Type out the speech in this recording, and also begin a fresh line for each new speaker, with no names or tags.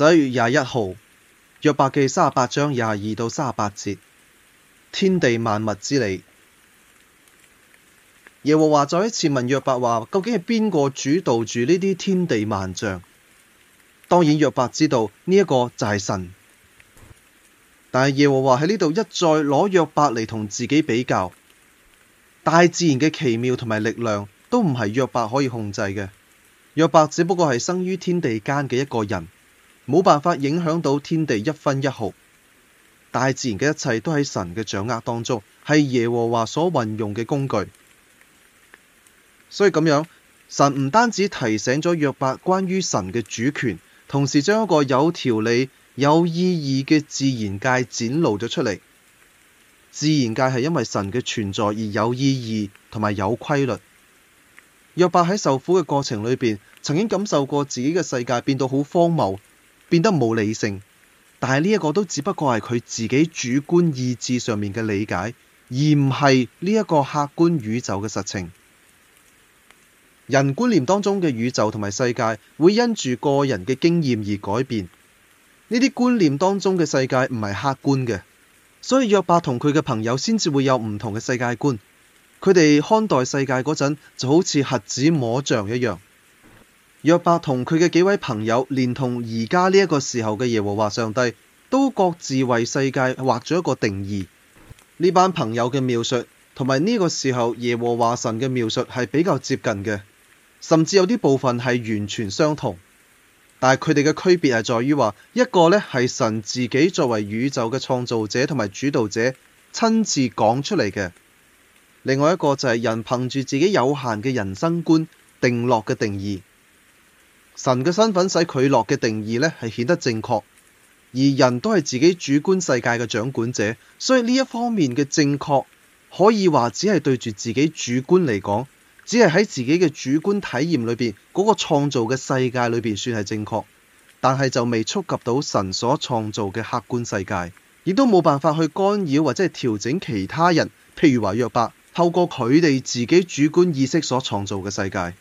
十一月廿一號，約伯記三十八章廿二到三十八節，天地萬物之理。耶和華再一次問約伯話，究竟係邊個主導住呢啲天地萬象？當然，約伯知道呢一個就係神。但係耶和華喺呢度一再攞約伯嚟同自己比較，大自然嘅奇妙同埋力量都唔係約伯可以控制嘅。約伯只不過係生於天地間嘅一個人。冇辦法影響到天地一分一毫，大自然嘅一切都喺神嘅掌握當中，係耶和華所運用嘅工具。所以咁樣，神唔單止提醒咗約伯關於神嘅主權，同時將一個有條理、有意義嘅自然界展露咗出嚟。自然界係因為神嘅存在而有意義，同埋有規律。約伯喺受苦嘅過程裏邊，曾經感受過自己嘅世界變到好荒謬。變得冇理性，但係呢一個都只不過係佢自己主觀意志上面嘅理解，而唔係呢一個客觀宇宙嘅實情。人觀念當中嘅宇宙同埋世界會因住個人嘅經驗而改變，呢啲觀念當中嘅世界唔係客觀嘅，所以約伯同佢嘅朋友先至會有唔同嘅世界觀。佢哋看待世界嗰陣就好似瞎子摸象一樣。約伯同佢嘅幾位朋友，連同而家呢一個時候嘅耶和華上帝，都各自為世界畫咗一個定義。呢班朋友嘅描述，同埋呢個時候耶和華神嘅描述係比較接近嘅，甚至有啲部分係完全相同。但係佢哋嘅區別係在於話一個呢係神自己作為宇宙嘅創造者同埋主導者親自講出嚟嘅，另外一個就係人憑住自己有限嘅人生觀定落嘅定義。神嘅身份使佢落嘅定義咧係顯得正確，而人都係自己主觀世界嘅掌管者，所以呢一方面嘅正確可以話只係對住自己主觀嚟講，只係喺自己嘅主觀體驗裏邊嗰個創造嘅世界裏邊算係正確，但係就未觸及到神所創造嘅客觀世界，亦都冇辦法去干擾或者係調整其他人，譬如話約伯透過佢哋自己主觀意識所創造嘅世界。